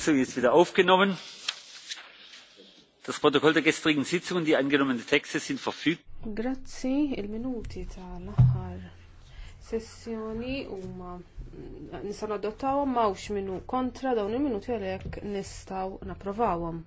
sitzung ist wieder aufgenommen. das protokoll der gestrigen sitzung und die angenommenen texte sind verfügt. Grazie, il-minuti tal-aħħar sessjoni huma nistgħu nadottawhom m'hawnx minu kontra dawn il-minuti għalhekk nistgħu napprovawhom.